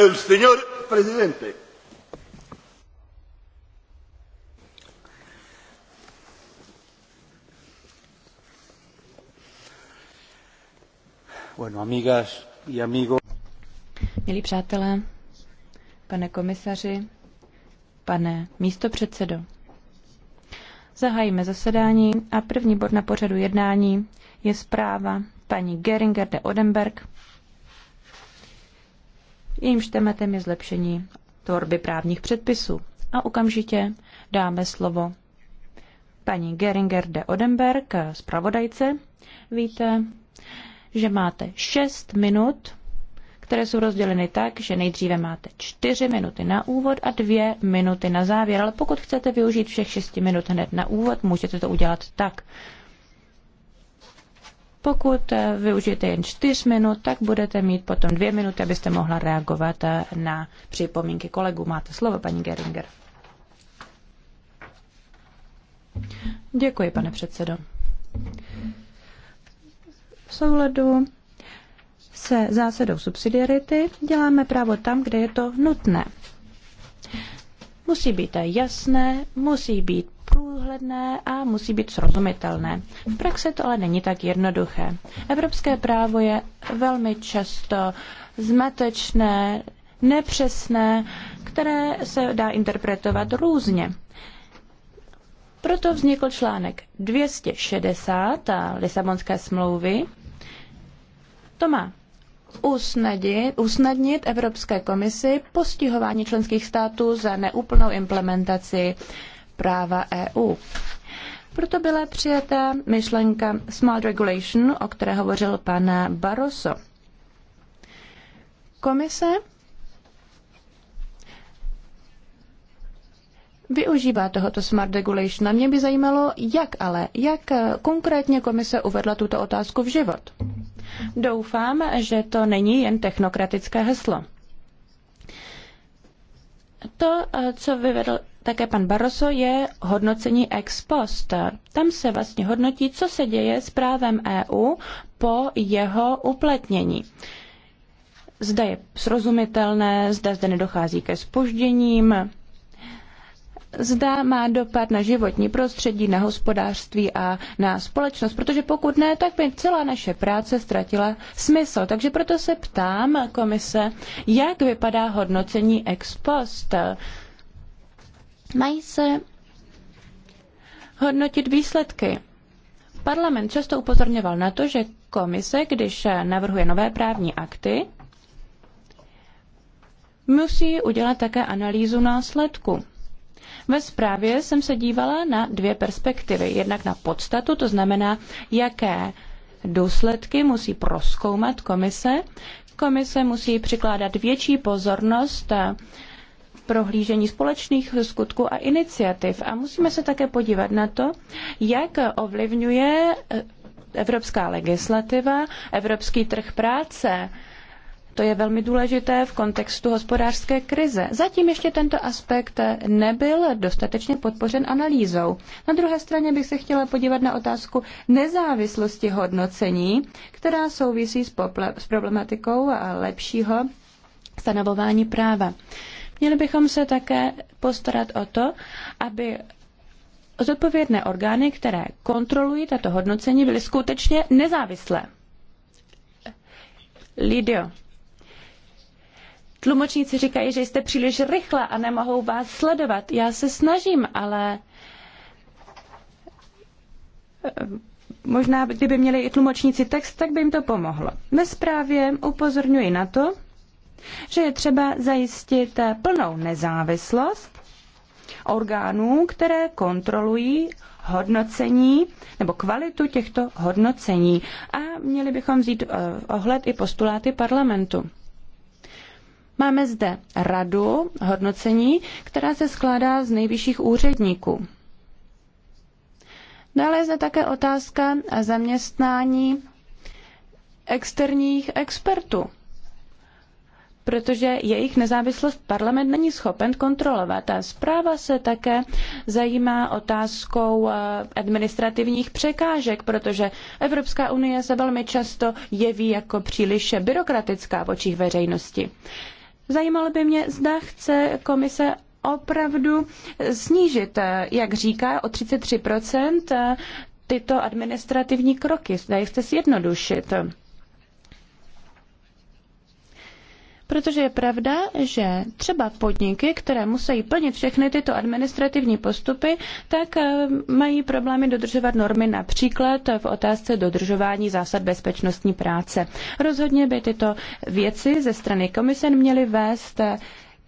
El señor presidente. Bueno, amigas y amigos. Milí přátelé, pane komisaři, pane místopředsedo, zahájíme zasedání a první bod na pořadu jednání je zpráva paní Geringer de Odenberg Jejímž tématem je zlepšení tvorby právních předpisů. A okamžitě dáme slovo paní Geringer de Odenberg, zpravodajce. Víte, že máte 6 minut, které jsou rozděleny tak, že nejdříve máte 4 minuty na úvod a 2 minuty na závěr. Ale pokud chcete využít všech 6 minut hned na úvod, můžete to udělat tak. Pokud eh, využijete jen čtyř minut, tak budete mít potom dvě minuty, abyste mohla reagovat eh, na připomínky kolegů. Máte slovo, paní Geringer. Děkuji, pane předsedo. V souladu se zásadou subsidiarity děláme právo tam, kde je to nutné. Musí být jasné, musí být průhledné a musí být srozumitelné. V praxi to ale není tak jednoduché. Evropské právo je velmi často zmatečné, nepřesné, které se dá interpretovat různě. Proto vznikl článek 260 Lisabonské smlouvy. To má usnadnit, usnadnit Evropské komisi postihování členských států za neúplnou implementaci práva EU. Proto byla přijata myšlenka Smart Regulation, o které hovořil pan Barroso. Komise využívá tohoto smart regulation. A mě by zajímalo, jak ale, jak konkrétně komise uvedla tuto otázku v život. Doufám, že to není jen technokratické heslo. To, co vyvedl také pan Barroso, je hodnocení ex post. Tam se vlastně hodnotí, co se děje s právem EU po jeho uplatnění. Zda je srozumitelné, zda zde nedochází ke spožděním, zda má dopad na životní prostředí, na hospodářství a na společnost, protože pokud ne, tak by celá naše práce ztratila smysl. Takže proto se ptám komise, jak vypadá hodnocení ex post Mají se hodnotit výsledky. Parlament často upozorňoval na to, že komise, když navrhuje nové právní akty, musí udělat také analýzu následku. Ve zprávě jsem se dívala na dvě perspektivy. Jednak na podstatu, to znamená, jaké důsledky musí proskoumat komise. Komise musí přikládat větší pozornost prohlížení společných skutků a iniciativ. A musíme se také podívat na to, jak ovlivňuje eh, evropská legislativa, evropský trh práce. To je velmi důležité v kontextu hospodářské krize. Zatím ještě tento aspekt nebyl dostatečně podpořen analýzou. Na druhé straně bych se chtěla podívat na otázku nezávislosti hodnocení, která souvisí s, s problematikou a lepšího stanovování práva. Měli bychom se také postarat o to, aby zodpovědné orgány, které kontrolují tato hodnocení, byly skutečně nezávislé. Lidio. Tlumočníci říkají, že jste příliš rychle a nemohou vás sledovat. Já se snažím, ale eh, možná kdyby měli i tlumočníci text, tak by jim to pomohlo. Ve zprávě upozorňuji na to, že je třeba zajistit plnou nezávislost orgánů, které kontrolují hodnocení nebo kvalitu těchto hodnocení a měli bychom vzít eh, ohled i postuláty parlamentu. Máme zde radu hodnocení, která se skládá z nejvyšších úředníků. Dále je zde také otázka zaměstnání externích expertů protože jejich nezávislost parlament není schopen kontrolovat. A zpráva se také zajímá otázkou eh, administrativních překážek, protože Evropská unie se velmi často jeví jako příliš byrokratická v očích veřejnosti. Zajímalo by mě, zda chce komise opravdu snížit, eh, jak říká, o 33 eh, tyto administrativní kroky. Zda je chce zjednodušit. Protože je pravda, že třeba podniky, které musí plnit všechny tyto administrativní postupy, tak eh, mají problémy dodržovat normy například v otázce dodržování zásad bezpečnostní práce. Rozhodně by tyto věci ze strany komise měly vést eh,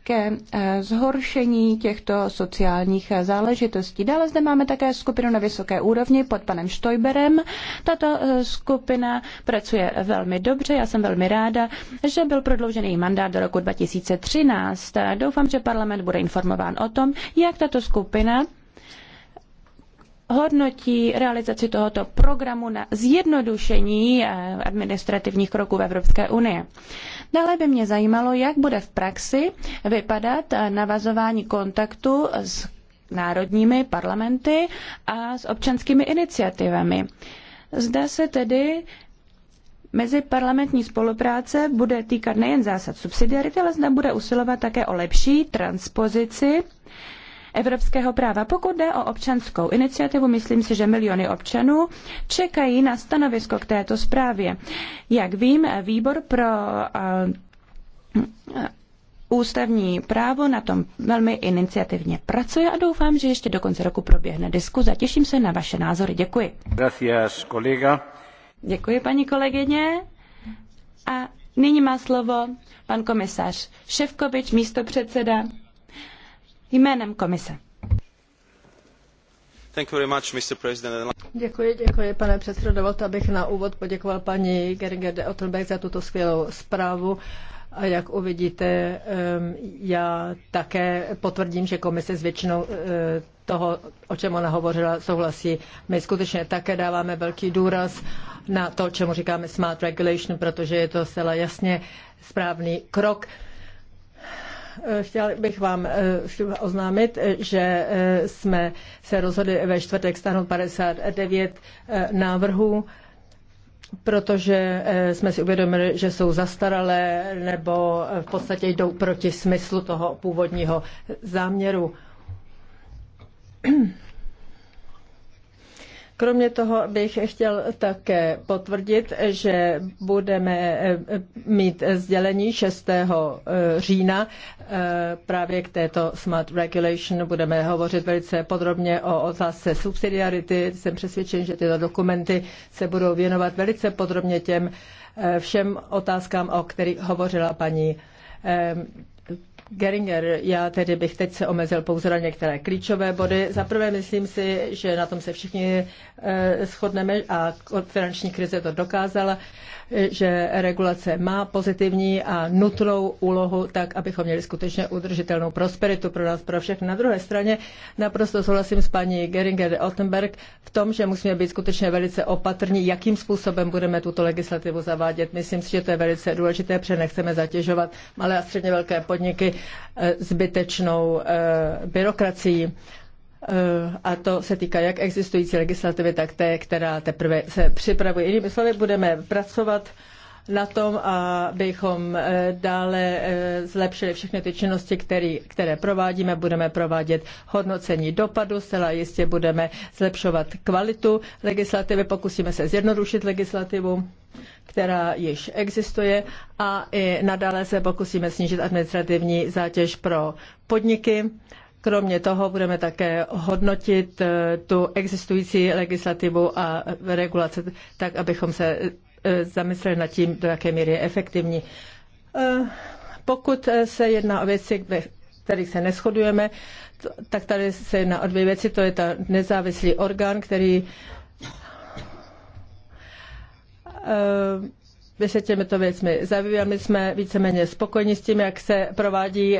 ke eh, zhoršení těchto sociálních eh, záležitostí. Dále zde máme také skupinu na vysoké úrovni pod panem Štojberem. Tato eh, skupina pracuje velmi dobře, já jsem velmi ráda, že byl prodloužený mandát do roku 2013. Doufám, že parlament bude informován o tom, jak tato skupina hodnotí realizaci tohoto programu na zjednodušení administrativních kroků v Evropské unii. Dále by mě zajímalo, jak bude v praxi vypadat navazování kontaktu s národními parlamenty a s občanskými iniciativami. Zda se tedy Meziparlamentní spolupráce bude týkat nejen zásad subsidiarity, ale zda bude usilovat také o lepší transpozici evropského práva. Pokud jde o občanskou iniciativu, myslím si, že miliony občanů čekají na stanovisko k této zprávě. Jak vím, výbor pro eh, ústavní právo na tom velmi iniciativně pracuje a doufám, že ještě do konce roku proběhne diskuze. Těším se na vaše názory. Děkuji. Gracias, kolega. Děkuji, paní kolegyně. A nyní má slovo pan komisař Ševkovič, místo předseda jménem komise. Děkuji, děkuji, pane předsedo. Dovolte, abych na úvod poděkoval paní de Otterbeck za tuto skvělou zprávu. A jak uvidíte, já také potvrdím, že komise s většinou eh, toho, o čem ona hovořila, souhlasí. My skutečně také dáváme velký důraz na to, čemu říkáme smart regulation, protože je to zcela jasně správný krok. Eh, Chtěl bych vám eh, oznámit, eh, že jsme se rozhodli ve čtvrtek stáhnout 59 návrhů, protože jsme si uvědomili, že jsou zastaralé nebo v podstatě jdou proti smyslu toho původního záměru. Kromě toho bych chtěl také potvrdit, že budeme eh, mít sdělení 6. Eh, října eh, právě k této Smart Regulation. Budeme hovořit velice podrobně o otázce subsidiarity. Jsem přesvědčen, že tyto dokumenty se budou věnovat velice podrobně těm všem otázkám, o kterých hovořila paní Geringer, já tedy bych teď se omezil pouze na některé klíčové body. Za prvé myslím si, že na tom se všichni eh, shodneme a finanční krize to dokázala že regulace má pozitivní a nutnou úlohu, tak abychom měli skutečně udržitelnou prosperitu pro nás, pro všech. Na druhé straně naprosto souhlasím s paní Geringer Ottenberg v tom, že musíme být skutečně velice opatrní, jakým způsobem budeme tuto legislativu zavádět. Myslím si, že to je velice důležité, protože nechceme zatěžovat malé a středně velké podniky eh, zbytečnou eh, byrokracií. Eh, a to se týká jak existující legislativy, tak té, která teprve se připravuje. Jinými slovy, budeme pracovat na tom, abychom eh, dále eh, zlepšili všechny ty činnosti, který, které provádíme. Budeme provádět hodnocení dopadu, zcela jistě budeme zlepšovat kvalitu legislativy, pokusíme se zjednodušit legislativu která již existuje a i nadále se pokusíme snížit administrativní zátěž pro podniky Kromě toho budeme také hodnotit eh, tu existující legislativu a regulace, tak abychom se eh, zamysleli nad tím, do jaké míry je efektivní. Eh, pokud se jedná o věci, ve kterých se neschodujeme, tak tady se jedná o dvě věci. To je ta nezávislý orgán, který by se těmito věcmi zabýváme, jsme víceméně spokojeni s tím, jak se provádí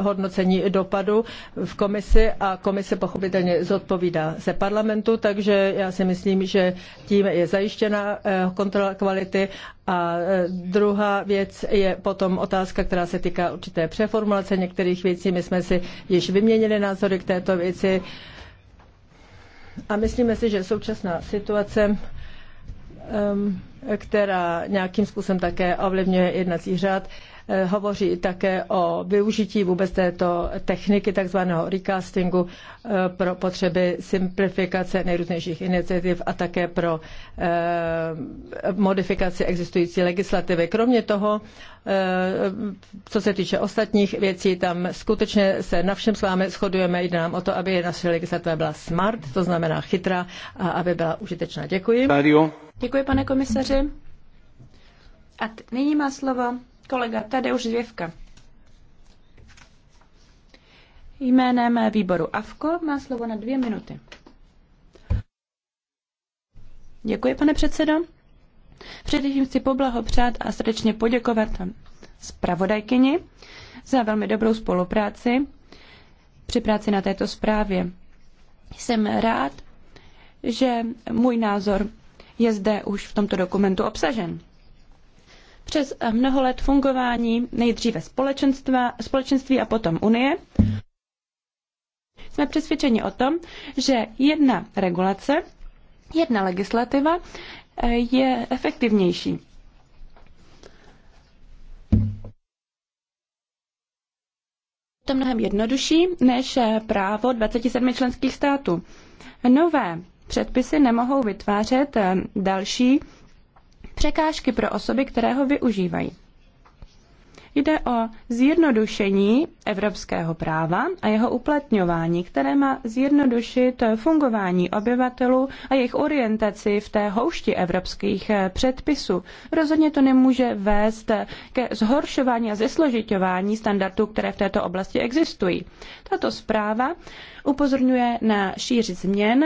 hodnocení dopadu v komisi a komise pochopitelně zodpovídá se parlamentu, takže já si myslím, že tím je zajištěna eh, kontrola kvality a eh, druhá věc je potom otázka, která se týká určité přeformulace některých věcí. My jsme si již vyměnili názory k této věci a myslíme si, že současná situace Um, která nějakým způsobem také ovlivňuje jednací řád. Eh, hovoří také o využití vůbec této techniky takzvaného recastingu eh, pro potřeby simplifikace nejrůznějších iniciativ a také pro eh, modifikaci existující legislativy. Kromě toho, co se týče ostatních věcí, tam skutečně se na všem s vámi shodujeme. Jde nám o to, aby naše legislativa byla smart, to znamená chytrá a aby byla užitečná. Děkuji. Děkuji, pane komisaři. A nyní má slovo kolega Tadeusz Zvěvka. Jménem výboru AFKO má slovo na dvě minuty. Děkuji, pane předsedo. Především chci poblahopřát a srdečně poděkovat zpravodajkyni za velmi dobrou spolupráci při práci na této zprávě. Jsem rád, že můj názor je zde už v tomto dokumentu obsažen přes mnoho let fungování nejdříve společenství a potom Unie, jsme přesvědčeni o tom, že jedna regulace, jedna legislativa eh, je efektivnější. to mnohem jednodušší než eh, právo 27 členských států. Nové předpisy nemohou vytvářet eh, další překážky pro osoby, které ho využívají. Jde o zjednodušení evropského práva a jeho uplatňování, které má zjednodušit fungování obyvatelů a jejich orientaci v té houšti evropských eh, předpisů. Rozhodně to nemůže vést ke zhoršování a zesložitování standardů, které v této oblasti existují. Tato zpráva upozorňuje na šíři změn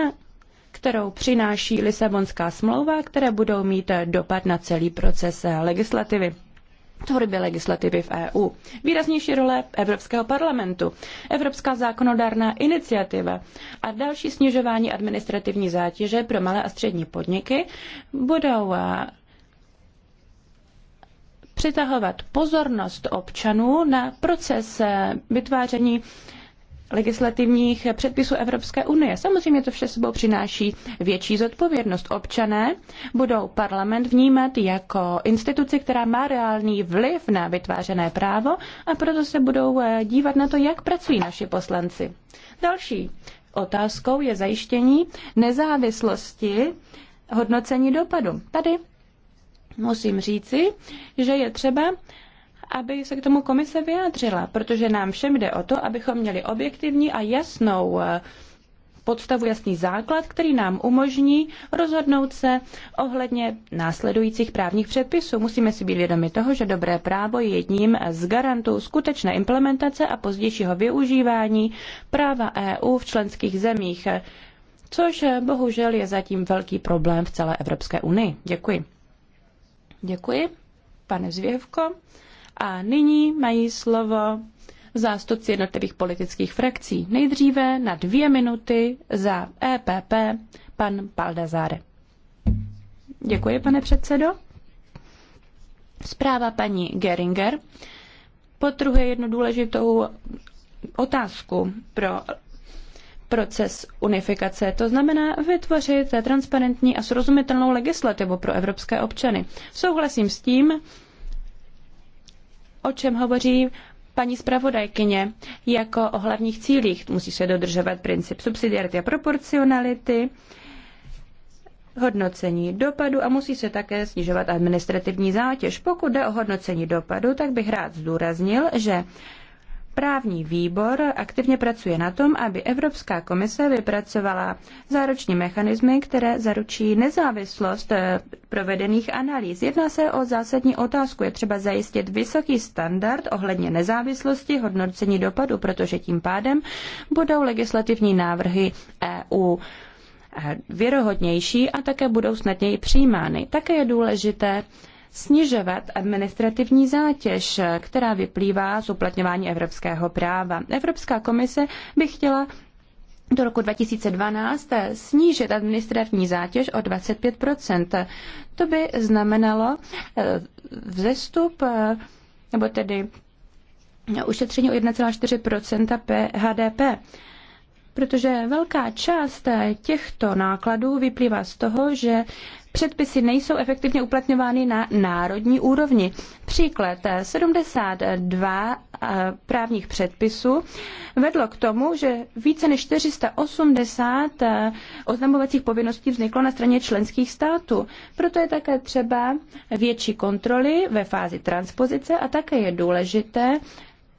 kterou přináší Lisabonská smlouva, které budou mít dopad na celý proces legislativy tvorby legislativy v EU. Výraznější role Evropského parlamentu, Evropská zákonodárná iniciativa a další snižování administrativní zátěže pro malé a střední podniky budou eh, přitahovat pozornost občanů na proces eh, vytváření legislativních předpisů Evropské unie. Samozřejmě to vše sebou přináší větší zodpovědnost. Občané budou parlament vnímat jako instituci, která má reálný vliv na vytvářené právo a proto se budou eh, dívat na to, jak pracují naši poslanci. Další otázkou je zajištění nezávislosti hodnocení dopadu. Tady musím říci, že je třeba aby se k tomu komise vyjádřila, protože nám všem jde o to, abychom měli objektivní a jasnou eh, podstavu, jasný základ, který nám umožní rozhodnout se ohledně následujících právních předpisů. Musíme si být vědomi toho, že dobré právo je jedním z garantů skutečné implementace a pozdějšího využívání práva EU v členských zemích, což eh, bohužel je zatím velký problém v celé Evropské unii. Děkuji. Děkuji, pane Zvěvko. A nyní mají slovo zástupci jednotlivých politických frakcí. Nejdříve na dvě minuty za EPP pan Paldazáre. Děkuji, pane předsedo. Zpráva paní Geringer potruhuje jednu důležitou otázku pro proces unifikace, to znamená vytvořit transparentní a srozumitelnou legislativu pro evropské občany. Souhlasím s tím, o čem hovoří paní zpravodajkyně jako o hlavních cílích. Musí se dodržovat princip subsidiarity a proporcionality, hodnocení dopadu a musí se také snižovat administrativní zátěž. Pokud jde o hodnocení dopadu, tak bych rád zdůraznil, že Právní výbor aktivně pracuje na tom, aby Evropská komise vypracovala záruční mechanismy, které zaručí nezávislost eh, provedených analýz. Jedná se o zásadní otázku. Je třeba zajistit vysoký standard ohledně nezávislosti hodnocení dopadu, protože tím pádem budou legislativní návrhy EU eh, věrohodnější a také budou snadněji přijímány. Také je důležité snižovat administrativní zátěž, která vyplývá z uplatňování evropského práva. Evropská komise by chtěla do roku 2012 snížit administrativní zátěž o 25 To by znamenalo eh, vzestup, eh, nebo tedy ušetření o 1,4 HDP. Protože velká část těchto nákladů vyplývá z toho, že předpisy nejsou efektivně uplatňovány na národní úrovni. Příklad 72 eh, eh, právních předpisů vedlo k tomu, že více než 480 eh, oznamovacích povinností vzniklo na straně členských států. Proto je také třeba větší kontroly ve fázi transpozice a také je důležité,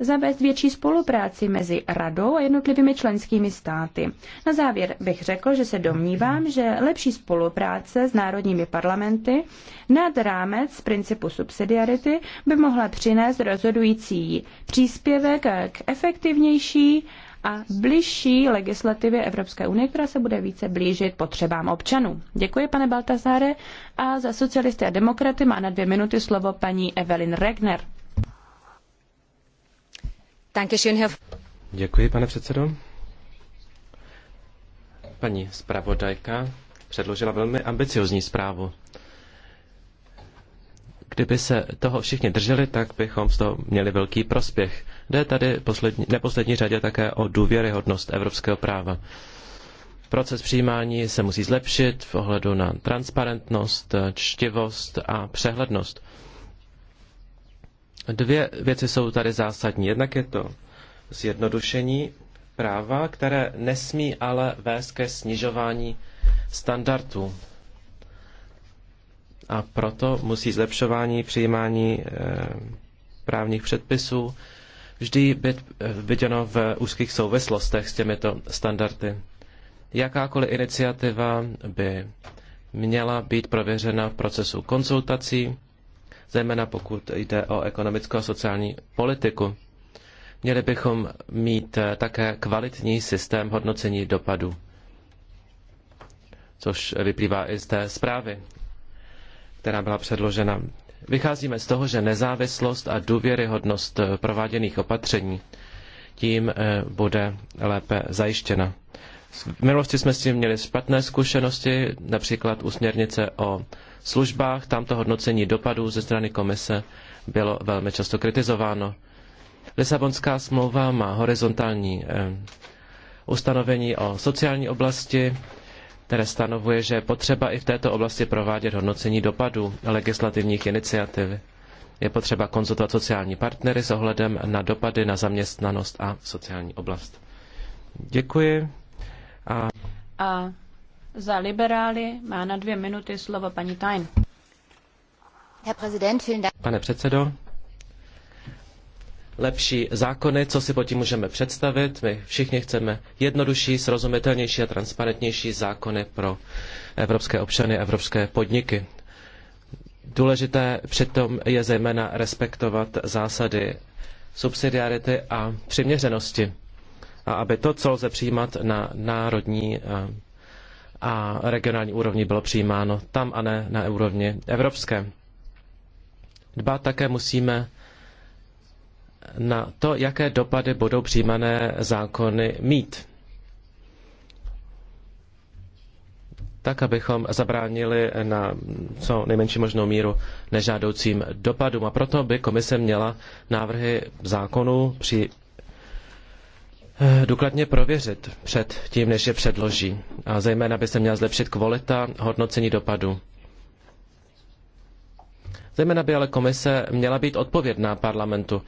zavést větší spolupráci mezi radou a jednotlivými členskými státy. Na závěr bych řekl, že se domnívám, že lepší spolupráce s národními parlamenty nad rámec principu subsidiarity by mohla přinést rozhodující příspěvek k efektivnější a bližší legislativě Evropské unie, která se bude více blížit potřebám občanů. Děkuji, pane Baltazáre. A za socialisty a demokraty má na dvě minuty slovo paní Evelyn Regner. Děkuji, pane předsedo. Paní zpravodajka předložila velmi ambiciozní zprávu. Kdyby se toho všichni drželi, tak bychom z toho měli velký prospěch. Jde tady poslední, neposlední řadě také o důvěryhodnost evropského práva. Proces přijímání se musí zlepšit v ohledu na transparentnost, čtivost a přehlednost. Dvě věci jsou tady zásadní. Jednak je to zjednodušení práva, které nesmí ale vést ke snižování standardů. A proto musí zlepšování přijímání eh, právních předpisů vždy být eh, viděno v úzkých souvislostech s těmito standardy. Jakákoliv iniciativa by měla být prověřena v procesu konzultací, zejména pokud jde o ekonomickou a sociální politiku. Měli bychom mít eh, také kvalitní systém hodnocení dopadů, což vyplývá i z té zprávy, která byla předložena. Vycházíme z toho, že nezávislost a důvěryhodnost prováděných opatření tím eh, bude lépe zajištěna. V minulosti jsme s tím měli špatné zkušenosti, například u směrnice o službách. Tam hodnocení dopadů ze strany komise bylo velmi často kritizováno. Lisabonská smlouva má horizontální eh, ustanovení o sociální oblasti, které stanovuje, že je potřeba i v této oblasti provádět hodnocení dopadů legislativních iniciativ. Je potřeba konzultovat sociální partnery s ohledem na dopady na zaměstnanost a sociální oblast. Děkuji. A za liberály má na dvě minuty slovo paní Tajn. Pane předsedo, lepší zákony, co si pod tím můžeme představit. My všichni chceme jednodušší, srozumitelnější a transparentnější zákony pro evropské občany, evropské podniky. Důležité přitom je zejména respektovat zásady subsidiarity a přiměřenosti a aby to, co lze přijímat na národní a regionální úrovni, bylo přijímáno tam a ne na úrovni evropské. Dbát také musíme na to, jaké dopady budou přijímané zákony mít. tak, abychom zabránili na co nejmenší možnou míru nežádoucím dopadům. A proto by komise měla návrhy zákonů při Eh, důkladně prověřit před tím, než je předloží. A zejména by se měla zlepšit kvalita hodnocení dopadu. Zejména by ale komise měla být odpovědná parlamentu.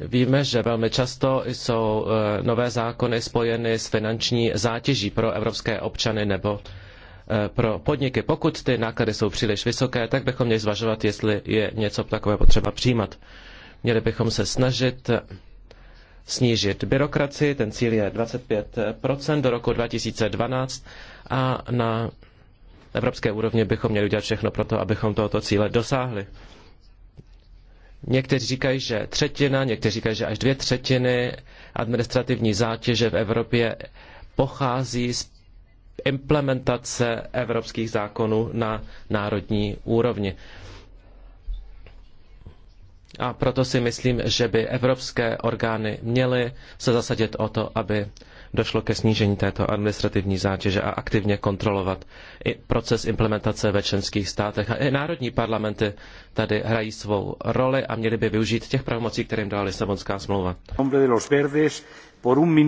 Víme, že velmi často jsou eh, nové zákony spojeny s finanční zátěží pro evropské občany nebo eh, pro podniky. Pokud ty náklady jsou příliš vysoké, tak bychom měli zvažovat, jestli je něco takové potřeba přijímat. Měli bychom se snažit snížit byrokracii, ten cíl je 25% do roku 2012 a na evropské úrovni bychom měli udělat všechno pro to, abychom tohoto cíle dosáhli. Někteří říkají, že třetina, někteří říkají, že až dvě třetiny administrativní zátěže v Evropě pochází z implementace evropských zákonů na národní úrovni. A proto si myslím, že by evropské orgány měly se zasadit o to, aby došlo ke snížení této administrativní zátěže a aktivně kontrolovat i proces implementace ve členských státech. A i národní parlamenty tady hrají svou roli a měly by využít těch pravomocí, kterým dala Lisabonská smlouva.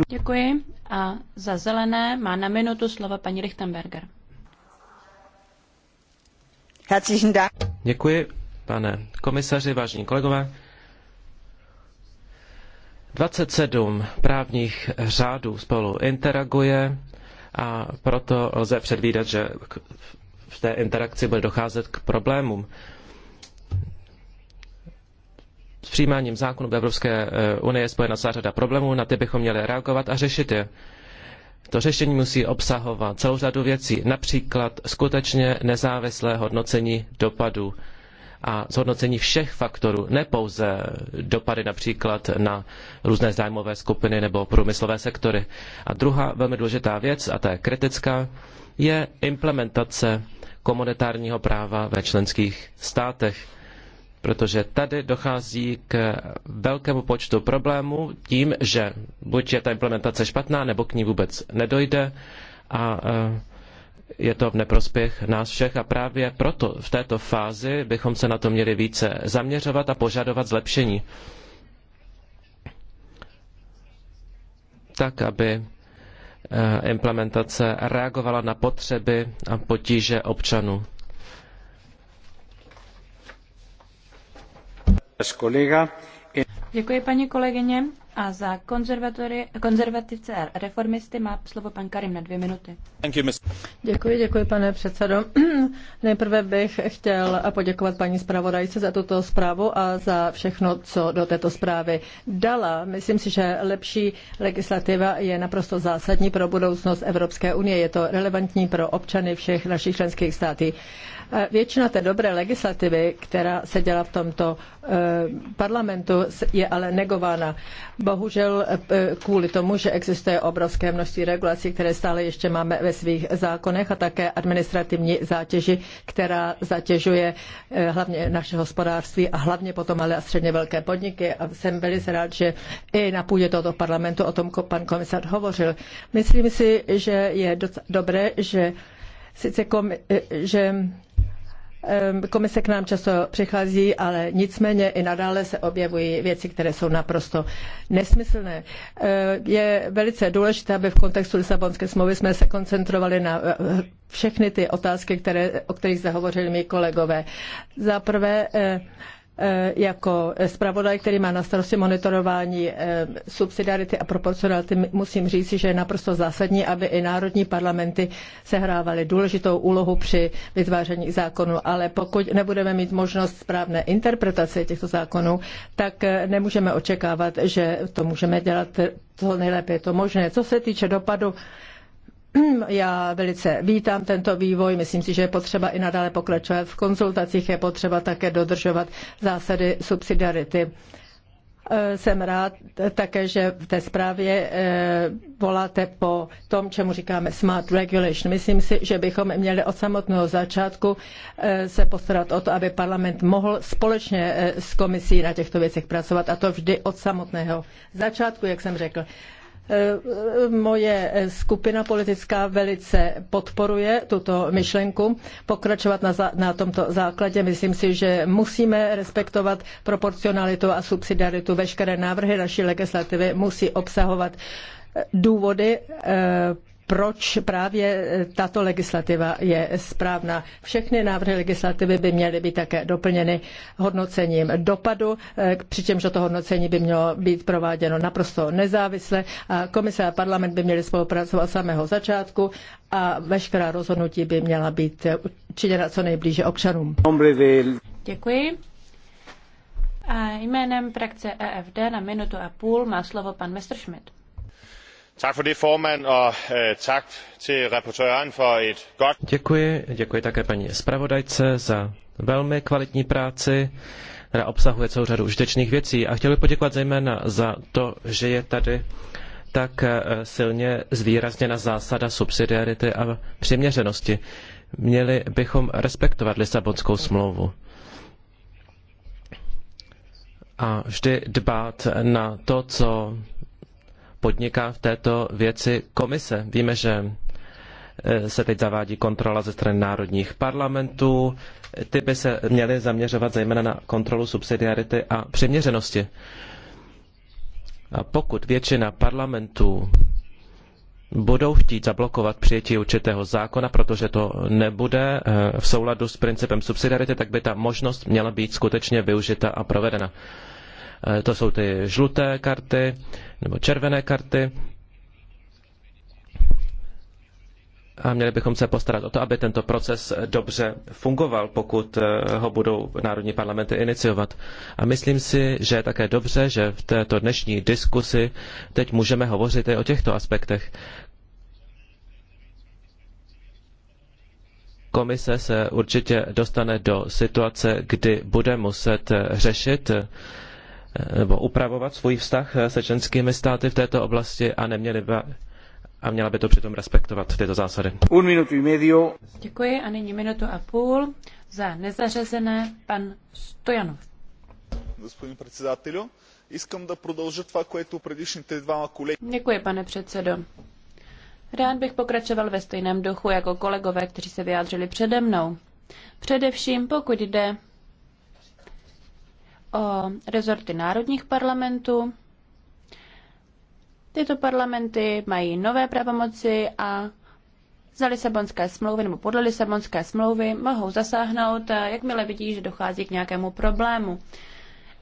Děkuji a za zelené má na minutu slova paní Lichtenberger. Děkuji pane komisaři, vážení kolegové. 27 právních řádů spolu interaguje a proto lze předvídat, že v té interakci bude docházet k problémům. S přijímáním zákonů Evropské eh, unie je spojena celá řada problémů, na ty bychom měli reagovat a řešit je. To řešení musí obsahovat celou řadu věcí, například skutečně nezávislé hodnocení dopadů a zhodnocení všech faktorů, ne pouze dopady například na různé zájmové skupiny nebo průmyslové sektory. A druhá velmi důležitá věc, a ta je kritická, je implementace komunitárního práva ve členských státech. Protože tady dochází k velkému počtu problémů tím, že buď je ta implementace špatná, nebo k ní vůbec nedojde. A uh, je to v neprospěch nás všech a právě proto v této fázi bychom se na to měli více zaměřovat a požadovat zlepšení. Tak, aby eh, implementace reagovala na potřeby a potíže občanů. Děkuji, paní kolegyně. A za konzervativce a reformisty má slovo pan Karim na dvě minuty. Děkuji, děkuji, pane předsedo. Nejprve bych chtěl poděkovat paní zpravodajce za tuto zprávu a za všechno, co do této zprávy dala. Myslím si, že lepší legislativa je naprosto zásadní pro budoucnost Evropské unie. Je to relevantní pro občany všech našich členských států. Většina té dobré legislativy, která se dělá v tomto eh, parlamentu, je ale negována. Bohužel eh, kvůli tomu, že existuje obrovské množství regulací, které stále ještě máme ve svých zákonech a také administrativní zátěži, která zatěžuje eh, hlavně naše hospodářství a hlavně potom malé a středně velké podniky. A jsem velice rád, že i na půdě tohoto parlamentu o tom pan komisar hovořil. Myslím si, že je dobré, že sice kom, eh, že Ehm, komise k nám často přichází, ale nicméně i nadále se objevují věci, které jsou naprosto nesmyslné. Ehm, je velice důležité, aby v kontextu Lisabonské smlouvy jsme se koncentrovali na eh, všechny ty otázky, které, o kterých zahovořili mý kolegové. Za prvé, ehm, E, jako zpravodaj, který má na starosti monitorování e, subsidiarity a proporcionality, musím říct, že je naprosto zásadní, aby i národní parlamenty sehrávaly důležitou úlohu při vytváření zákonů. Ale pokud nebudeme mít možnost správné interpretace těchto zákonů, tak e, nemůžeme očekávat, že to můžeme dělat co nejlépe je to možné. Co se týče dopadu já velice vítám tento vývoj, myslím si, že je potřeba i nadále pokračovat v konzultacích, je potřeba také dodržovat zásady subsidiarity. Eh, jsem rád také, že v té zprávě eh, voláte po tom, čemu říkáme smart regulation. Myslím si, že bychom měli od samotného začátku eh, se postarat o to, aby parlament mohl společně s komisí na těchto věcech pracovat a to vždy od samotného začátku, jak jsem řekl. Moje skupina politická velice podporuje tuto myšlenku. Pokračovat na, na tomto základě, myslím si, že musíme respektovat proporcionalitu a subsidiaritu. Veškeré návrhy naší legislativy musí obsahovat důvody eh, proč právě e, tato legislativa je správná. Všechny návrhy legislativy by měly být také doplněny hodnocením dopadu, e, přičemž to hodnocení by mělo být prováděno naprosto nezávisle a komise a parlament by měly spolupracovat od samého začátku a veškerá rozhodnutí by měla být e, činěna co nejblíže občanům. Děkuji. A jménem frakce EFD na minutu a půl má slovo pan Mr. Schmidt. Øh, děkuji, děkuji také paní zpravodajce za velmi kvalitní práci, která obsahuje celou řadu užitečných věcí. A chtěl bych poděkovat zejména za to, že je tady tak eh, silně zvýrazněna zásada subsidiarity a přiměřenosti. Měli bychom respektovat Lisabonskou smlouvu a vždy dbát na to, co podniká v této věci komise. Víme, že e, se teď zavádí kontrola ze strany národních parlamentů. Ty by se měly zaměřovat zejména na kontrolu subsidiarity a přiměřenosti. A pokud většina parlamentů budou chtít zablokovat přijetí určitého zákona, protože to nebude e, v souladu s principem subsidiarity, tak by ta možnost měla být skutečně využita a provedena. Eh, to jsou ty žluté karty nebo červené karty. A měli bychom se postarat o to, aby tento proces dobře fungoval, pokud eh, ho budou národní parlamenty iniciovat. A myslím si, že je také dobře, že v této dnešní diskusi teď můžeme hovořit i o těchto aspektech. Komise se určitě dostane do situace, kdy bude muset řešit Eh, nebo upravovat svůj vztah eh, se členskými státy v této oblasti a neměli by a měla by to přitom respektovat tyto zásady. Un minutu y medio. Děkuji a nyní minutu a půl za nezařazené pan Stojanov. Господин председателю, искам да продължа това, което предишните двама колеги... Děkuji, pane předsedo. Rád bych pokračoval ve stejném duchu jako kolegové, kteří se vyjádřili přede mnou. Především pokud jde o rezorty národních parlamentů. Tyto parlamenty mají nové pravomoci a za Lisabonské smlouvy nebo podle Lisabonské smlouvy mohou zasáhnout, eh, jakmile vidí, že dochází k nějakému problému.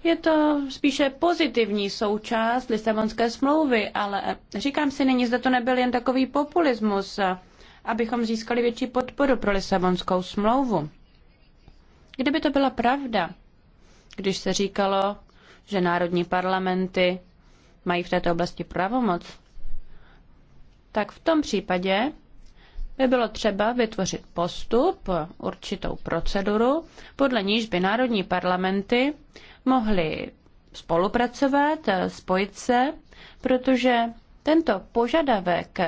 Je to spíše pozitivní součást Lisabonské smlouvy, ale říkám si nyní, zda to nebyl jen takový populismus, eh, abychom získali větší podporu pro Lisabonskou smlouvu. Kdyby to byla pravda, když se říkalo, že národní parlamenty mají v této oblasti pravomoc, tak v tom případě by bylo třeba vytvořit postup, určitou proceduru, podle níž by národní parlamenty mohly spolupracovat, spojit se, protože tento požadavek,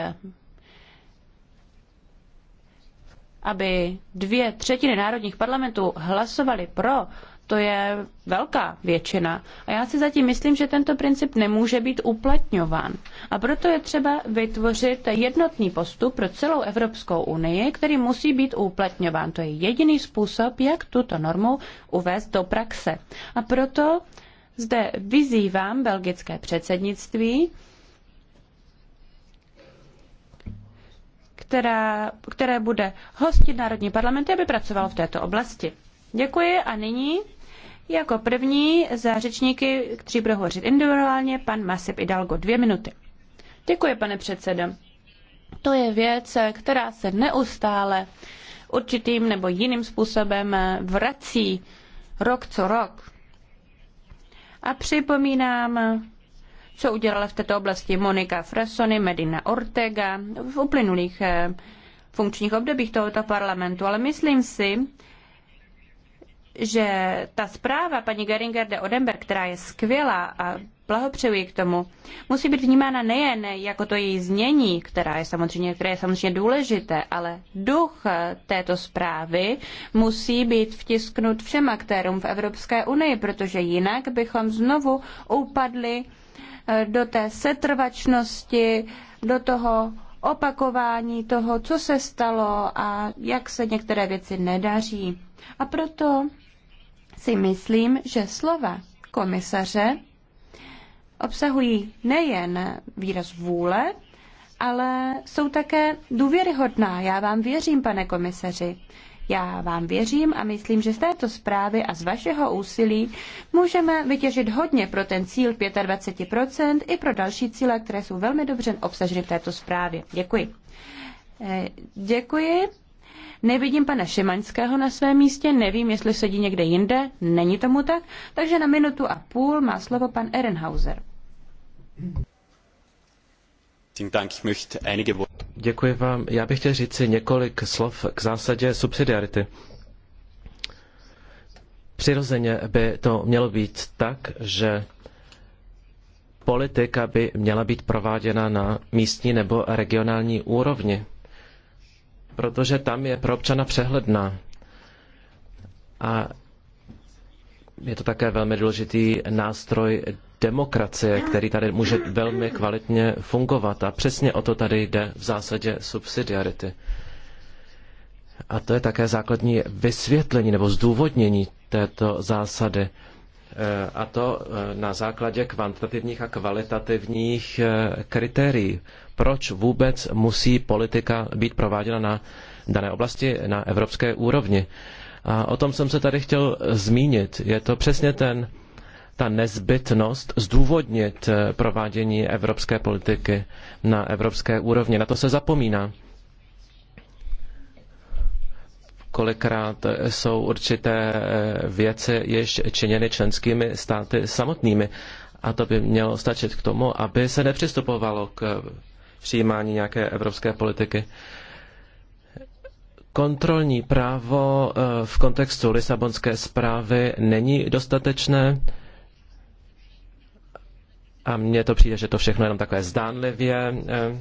aby dvě třetiny národních parlamentů hlasovaly pro, to je velká většina. A já si zatím myslím, že tento princip nemůže být uplatňován. A proto je třeba vytvořit jednotný postup pro celou Evropskou unii, který musí být uplatňován. To je jediný způsob, jak tuto normu uvést do praxe. A proto zde vyzývám belgické předsednictví, která, které bude hostit Národní parlamenty, aby pracoval v této oblasti. Děkuji a nyní jako první za řečníky, kteří budou hovořit individuálně, pan Masip Idalgo, dvě minuty. Děkuji, pane předsedo. To je věc, která se neustále určitým nebo jiným způsobem vrací rok co rok. A připomínám, co udělala v této oblasti Monika Frasony, Medina Ortega v uplynulých eh, funkčních obdobích tohoto parlamentu, ale myslím si, že ta zpráva paní Geringer de Odenberg, která je skvělá a blahopřeji k tomu, musí být vnímána nejen jako to její znění, která je samozřejmě, které je samozřejmě důležité, ale duch této zprávy musí být vtisknut všem aktérům v Evropské unii, protože jinak bychom znovu upadli eh, do té setrvačnosti, do toho opakování toho, co se stalo a jak se některé věci nedaří. A proto si myslím, že slova komisaře obsahují nejen výraz vůle, ale jsou také důvěryhodná. Já vám věřím, pane komisaři. Já vám věřím a myslím, že z této zprávy a z vašeho úsilí můžeme vytěžit hodně pro ten cíl 25% i pro další cíle, které jsou velmi dobře obsaženy v této zprávě. Děkuji. Eh, děkuji. Nevidím pana Šimaňského na svém místě, nevím, jestli sedí někde jinde, není tomu tak, takže na minutu a půl má slovo pan Ehrenhauser. Děkuji vám. Já bych chtěl si několik slov k zásadě subsidiarity. Přirozeně by to mělo být tak, že politika by měla být prováděna na místní nebo regionální úrovni protože tam je pro občana přehledná. A je to také velmi důležitý nástroj demokracie, který tady může velmi kvalitně fungovat. A přesně o to tady jde v zásadě subsidiarity. A to je také základní vysvětlení nebo zdůvodnění této zásady. E, a to e, na základě kvantitativních a kvalitativních e, kritérií proč vůbec musí politika být prováděna na dané oblasti na evropské úrovni. A o tom jsem se tady chtěl zmínit. Je to přesně ten, ta nezbytnost zdůvodnit eh, provádění evropské politiky na evropské úrovni. Na to se zapomíná. Kolikrát jsou určité eh, věci již činěny členskými státy samotnými. A to by mělo stačit k tomu, aby se nepřistupovalo k přijímání nějaké evropské politiky. Kontrolní právo eh, v kontextu Lisabonské zprávy není dostatečné a mně to přijde, že to všechno je jenom takové zdánlivě eh,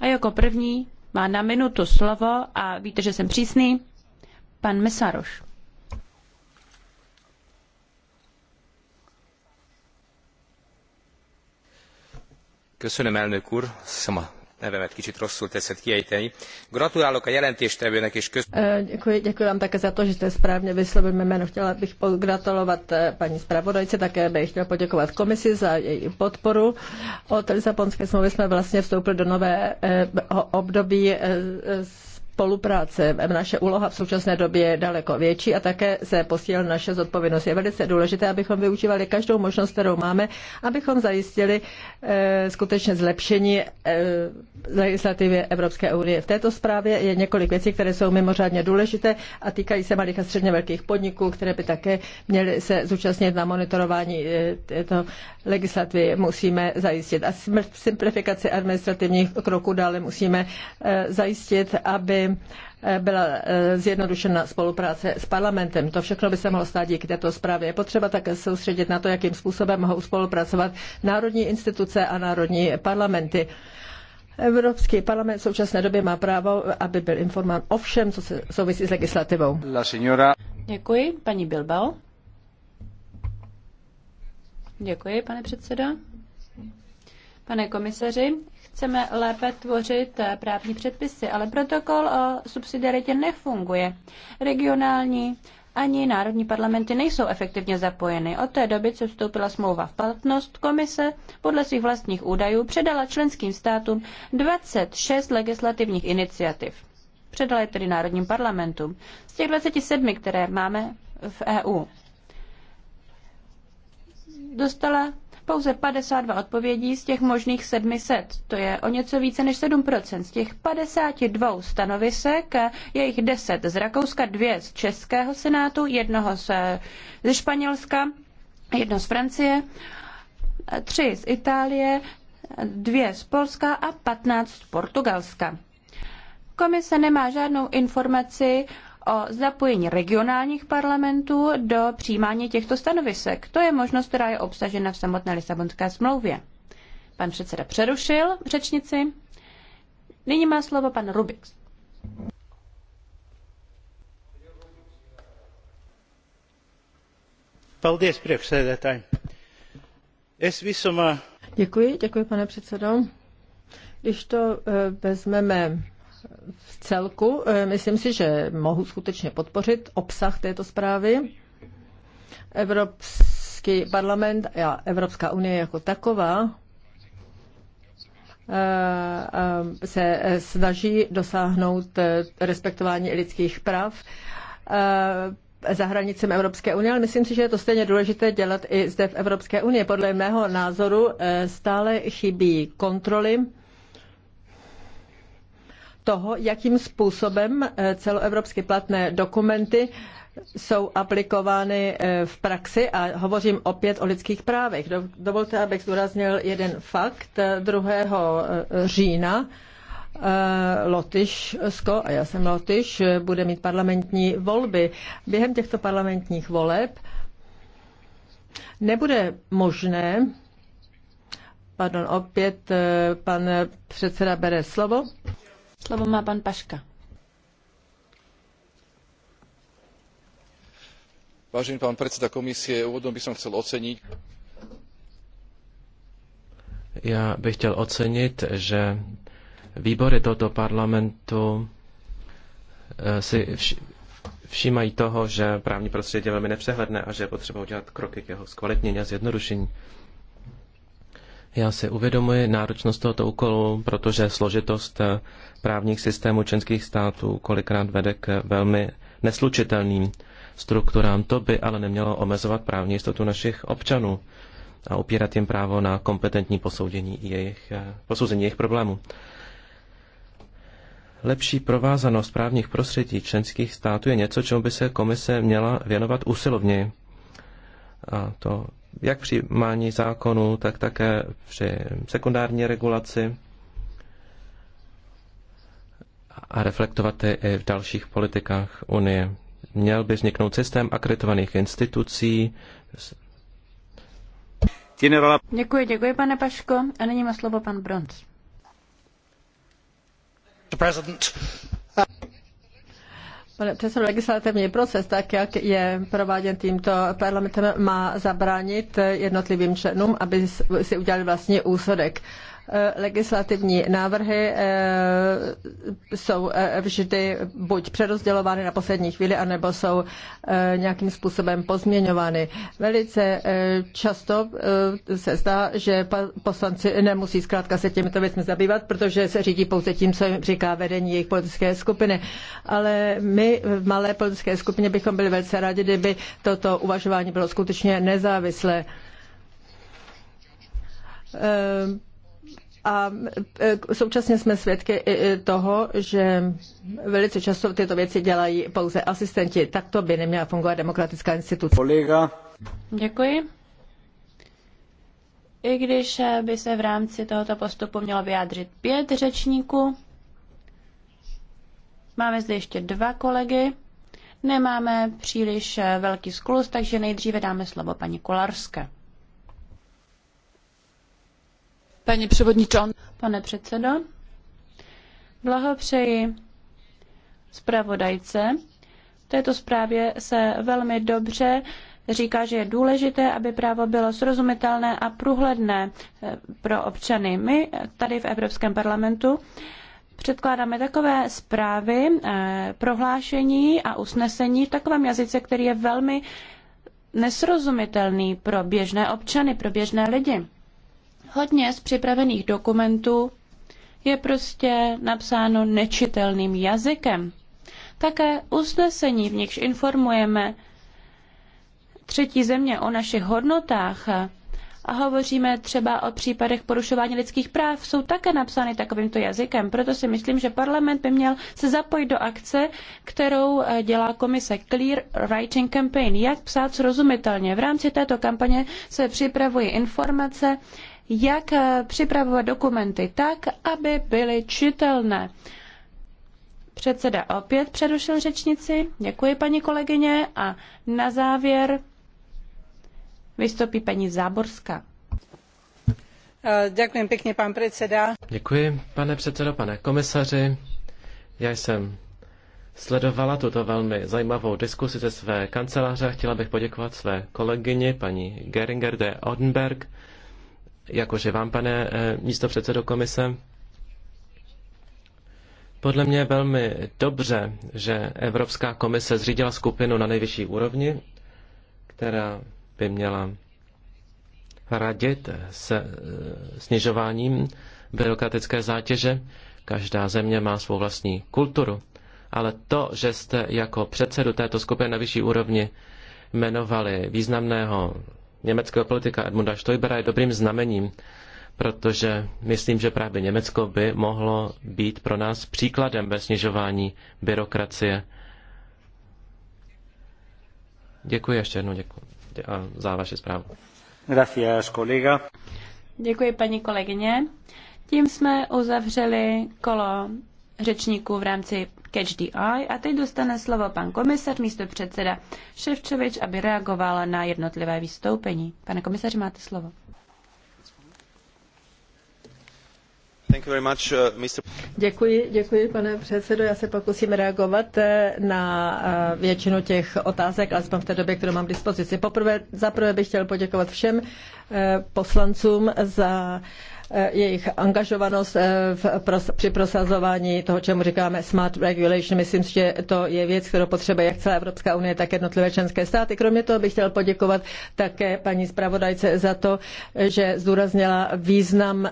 a jako první má na minutu slovo, a víte, že jsem přísný, pan Mesaroš. Köszönöm, elnök úr. Sama nevemet kicsit rosszul teszed kiejteni. Gratulálok a jelentéstevőnek és köszönöm. Děkuji, děkuji vám také za to, že jste správně vyslovil mé jméno. Chtěla bych pogratulovat e, paní zpravodajce, také bych chtěla poděkovat komisi za její podporu. Od Lisabonské smlouvy jsme vlastně vstoupili do nového e, období e, s spolupráce. Naše úloha v současné době je daleko větší a také se posílila naše zodpovědnost. Je velice důležité, abychom využívali každou možnost, kterou máme, abychom zajistili eh, skutečně zlepšení eh, legislativy Evropské unie. V této zprávě je několik věcí, které jsou mimořádně důležité a týkají se malých a středně velkých podniků, které by také měly se zúčastnit na monitorování eh, této legislativy. Musíme zajistit a simplifikaci administrativních kroků dále musíme zajistit, aby Eh, byla eh, zjednodušena spolupráce s parlamentem. To všechno by se mohlo stát díky této zprávě. Je potřeba také soustředit na to, jakým způsobem mohou spolupracovat národní instituce a národní parlamenty. Evropský parlament v současné době má právo, aby byl informován o všem, co se souvisí s legislativou. La señora... Děkuji, paní Bilbao. Děkuji, pane předseda. Pane komisaři, chceme lépe tvořit eh, právní předpisy, ale protokol o subsidiaritě nefunguje. Regionální ani národní parlamenty nejsou efektivně zapojeny. Od té doby, co vstoupila smlouva v platnost, komise podle svých vlastních údajů předala členským státům 26 legislativních iniciativ. Předala je tedy národním parlamentům. Z těch 27, které máme v EU, dostala pouze 52 odpovědí z těch možných 700. To je o něco více než 7%. Z těch 52 stanovisek je jich 10 z Rakouska, 2 z Českého senátu, jednoho ze Španělska, jedno z Francie, tři z Itálie, dvě z Polska a 15 z Portugalska. Komise nemá žádnou informaci o zapojení regionálních parlamentů do přijímání těchto stanovisek. To je možnost, která je obsažena v samotné Lisabonské smlouvě. Pan předseda přerušil řečnici. Nyní má slovo pan Rubix. Děkuji, děkuji, pane předsedo. Když to eh, vezmeme v celku eh, myslím si, že mohu skutečně podpořit obsah této zprávy. Evropský parlament a Evropská unie jako taková eh, eh, se snaží dosáhnout respektování lidských práv za hranicemi Evropské unie, ale myslím si, že je to stejně důležité dělat i zde v Evropské unii. Podle mého názoru stále chybí kontroly toho, jakým způsobem eh, celoevropsky platné dokumenty jsou aplikovány eh, v praxi a hovořím opět o lidských právech. Dovolte, abych zdůraznil jeden fakt. 2. Eh, října Lotyšsko, a já jsem Lotyš, bude mít parlamentní volby. Během těchto parlamentních voleb nebude možné, pardon, opět pan předseda bere slovo. Slovo má pan Paška. Vážený pán predseda komisie, úvodom by som chcel oceniť. Já bych chtěl ocenit, že výbory tohoto parlamentu e, si všímají toho, že právní prostředí je velmi nepřehledné a že je potřeba udělat kroky k jeho zkvalitnění a zjednodušení. Já si uvědomuji náročnost tohoto úkolu, protože složitost eh, právních systémů členských států kolikrát vede k velmi neslučitelným strukturám. To by ale nemělo omezovat právní jistotu našich občanů a upírat jim právo na kompetentní posoudění jejich, eh, posouzení jejich problémů. Lepší provázanost právních prostředí členských států je něco, čemu by se komise měla věnovat usilovně. A to jak při mání zákonu, tak také při sekundární regulaci a reflektovat i v dalších politikách Unie. Měl by vzniknout systém akreditovaných institucí. Děkuji, děkuji, pane Paško. A nyní má slovo pan Bronc. Pane předsedo, legislativní proces, tak jak je prováděn tímto parlamentem, má zabránit jednotlivým členům, aby si udělali vlastní úsudek. Eh, legislativní návrhy eh, jsou eh, vždy buď přerozdělovány na poslední chvíli, anebo jsou nějakým způsobem pozměňovány. Velice často se zdá, že poslanci nemusí zkrátka se těmito věcmi zabývat, protože se řídí pouze tím, co jim říká vedení jejich politické skupiny. Ale my v malé politické skupině bychom byli velice rádi, kdyby toto uvažování bylo skutečně nezávislé. A e, současně jsme svědky toho, že velice často tyto věci dělají pouze asistenti. Tak to by neměla fungovat demokratická instituce. Kolega. Děkuji. I když by se v rámci tohoto postupu mělo vyjádřit pět řečníků, máme zde ještě dva kolegy. Nemáme příliš velký sklus, takže nejdříve dáme slovo paní Kolarské. Paní Pane předsedo, blahopřeji zpravodajce. V této zprávě se velmi dobře říká, že je důležité, aby právo bylo srozumitelné a průhledné eh, pro občany. My tady v Evropském parlamentu předkládáme takové zprávy, eh, prohlášení a usnesení v takovém jazyce, který je velmi nesrozumitelný pro běžné občany, pro běžné lidi. Hodně z připravených dokumentů je prostě napsáno nečitelným jazykem. Také usnesení, v nichž informujeme třetí země o našich hodnotách a hovoříme třeba o případech porušování lidských práv, jsou také napsány takovýmto jazykem. Proto si myslím, že parlament by měl se zapojit do akce, kterou eh, dělá komise Clear Writing Campaign, jak psát srozumitelně. V rámci této kampaně se připravují informace, jak eh, připravovat dokumenty tak, aby byly čitelné. Předseda opět přerušil řečnici. Děkuji, paní kolegyně. A na závěr vystoupí paní Záborská. Eh, děkuji pěkně, pan předseda. Děkuji, pane předsedo, pane komisaři. Já jsem sledovala tuto velmi zajímavou diskusi ze své kanceláře a chtěla bych poděkovat své kolegyni, paní Geringer de Odenberg, Jakože vám, pane eh, místo předsedo komise. Podle mě je velmi dobře, že Evropská komise zřídila skupinu na nejvyšší úrovni, která by měla radit se eh, snižováním byrokratické zátěže. Každá země má svou vlastní kulturu. Ale to, že jste jako předsedu této skupiny na vyšší úrovni jmenovali významného německého politika Edmunda Stoibera je dobrým znamením, protože myslím, že právě Německo by mohlo být pro nás příkladem ve snižování byrokracie. Děkuji ještě jednou děkuji za vaši zprávu. Gracias, kolega. Děkuji, paní kolegyně. Tím jsme uzavřeli kolo řečníků v rámci Catch the Eye a teď dostane slovo pan komisař místo předseda Ševčovič, aby reagoval na jednotlivé vystoupení. Pane komisaři, máte slovo. Much, uh, děkuji, děkuji, pane předsedo. Já se pokusím reagovat eh, na eh, většinu těch otázek, alespoň v té době, kterou mám k dispozici. Poprvé, zaprvé bych chtěl poděkovat všem Eh, poslancům za eh, jejich angažovanost eh, při prosazování toho, čemu říkáme smart regulation. Myslím, že to je věc, kterou potřebuje jak celá Evropská unie, tak jednotlivé členské státy. Kromě toho bych chtěl poděkovat také paní zpravodajce za to, že zdůraznila význam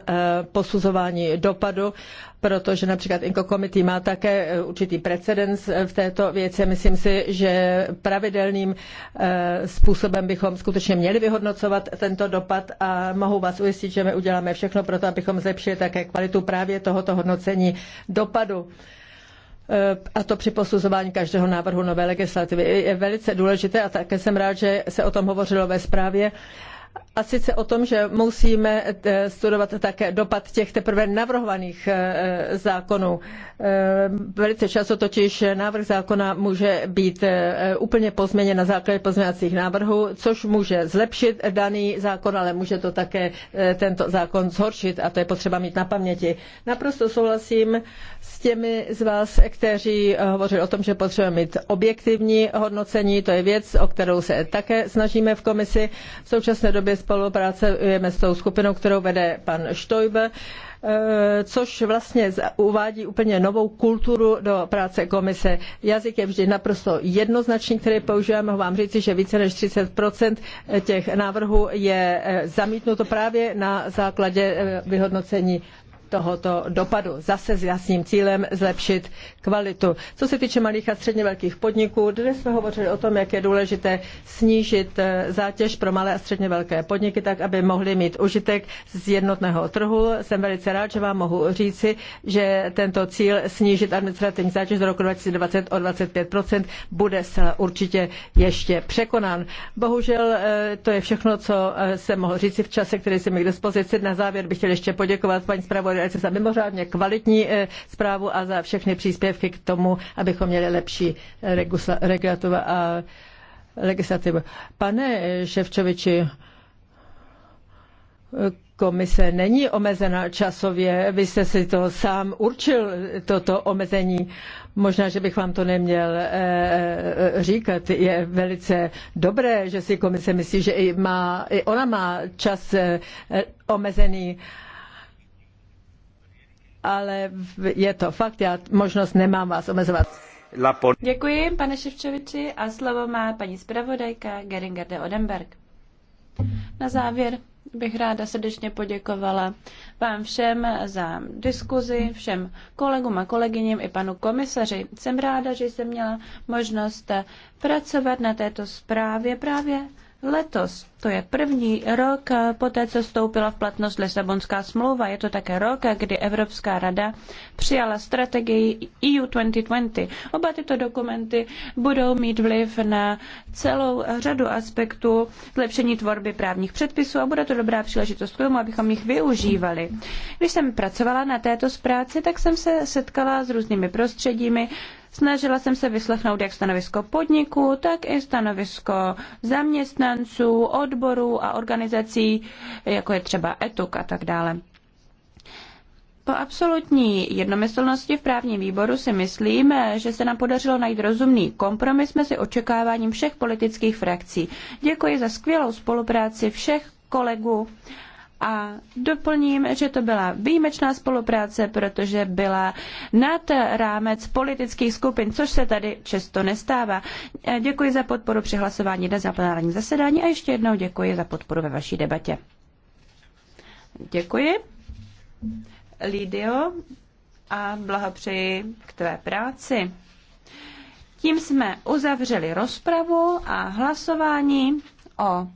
posuzování dopadu protože například Inko Committee má také určitý precedens v této věci. Myslím si, že pravidelným způsobem bychom skutečně měli vyhodnocovat tento dopad dopad a mohu vás ujistit, že my uděláme všechno pro to, abychom zlepšili také kvalitu právě tohoto hodnocení dopadu e, a to při posuzování každého návrhu nové legislativy. Je velice důležité a také jsem rád, že se o tom hovořilo ve zprávě, a sice o tom, že musíme eh, studovat také dopad těch teprve navrhovaných eh, zákonů. Eh, velice často totiž návrh zákona může být úplně pozměněn na základě pozměňovacích návrhů, což může zlepšit daný zákon, ale může to také tento zákon zhoršit a to je potřeba mít na paměti. Naprosto souhlasím těmi z vás, kteří eh, hovořili o tom, že potřebujeme mít objektivní hodnocení. To je věc, o kterou se také snažíme v komisi. V současné době spolupracujeme s tou skupinou, kterou vede pan Štojbe eh, což vlastně uvádí úplně novou kulturu do práce komise. Jazyk je vždy naprosto jednoznačný, který používáme. Vám říci, že více než 30% těch návrhů je eh, zamítnuto právě na základě vyhodnocení tohoto dopadu. Zase s jasným cílem zlepšit kvalitu. Co se týče malých a středně velkých podniků, dnes jsme hovořili o tom, jak je důležité snížit eh, zátěž pro malé a středně velké podniky, tak aby mohli mít užitek z jednotného trhu. Jsem velice rád, že vám mohu říci, že tento cíl snížit administrativní zátěž do roku 2020 o 25 bude se určitě ještě překonán. Bohužel eh, to je všechno, co eh, jsem mohl říci v čase, který jsem mi k dispozici. Na závěr bych chtěl ještě poděkovat paní zpravodaj zpravodajce za mimořádně kvalitní e, zprávu a za všechny příspěvky k tomu, abychom měli lepší regulativu a legislativu. Pane Ševčoviči, komise není omezena časově. Vy jste si to sám určil, toto omezení. Možná, že bych vám to neměl e, e, říkat. Je velice dobré, že si komise myslí, že i, má, i ona má čas omezený ale je to fakt, já možnost nemám vás omezovat. Děkuji, pane Ševčoviči, a slovo má paní zpravodajka Geringer de Odenberg. Na závěr bych ráda srdečně poděkovala vám všem za diskuzi, všem kolegům a kolegyním i panu komisaři. Jsem ráda, že jsem měla možnost pracovat na této zprávě právě Letos to je první rok eh, poté, co vstoupila v platnost Lisabonská smlouva. Je to také rok, eh, kdy Evropská rada přijala strategii EU 2020. Oba tyto dokumenty budou mít vliv na celou řadu aspektů zlepšení tvorby právních předpisů a bude to dobrá příležitost k tomu, abychom jich využívali. Když jsem pracovala na této zpráci, tak jsem se setkala s různými prostředími, Snažila jsem se vyslechnout jak stanovisko podniku, tak i stanovisko zaměstnanců, odborů a organizací, jako je třeba ETUK a tak dále. Po absolutní jednomyslnosti v právním výboru si myslím, že se nám podařilo najít rozumný kompromis mezi očekáváním všech politických frakcí. Děkuji za skvělou spolupráci všech kolegů a doplním, že to byla výjimečná spolupráce, protože byla nad rámec politických skupin, což se tady často nestává. E, děkuji za podporu při hlasování na plenárním zasedání a ještě jednou děkuji za podporu ve vaší debatě. Děkuji. Lidio a blahopřeji k tvé práci. Tím jsme uzavřeli rozpravu a hlasování o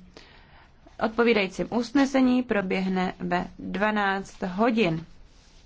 odpovídajícím usnesení proběhne ve 12 hodin.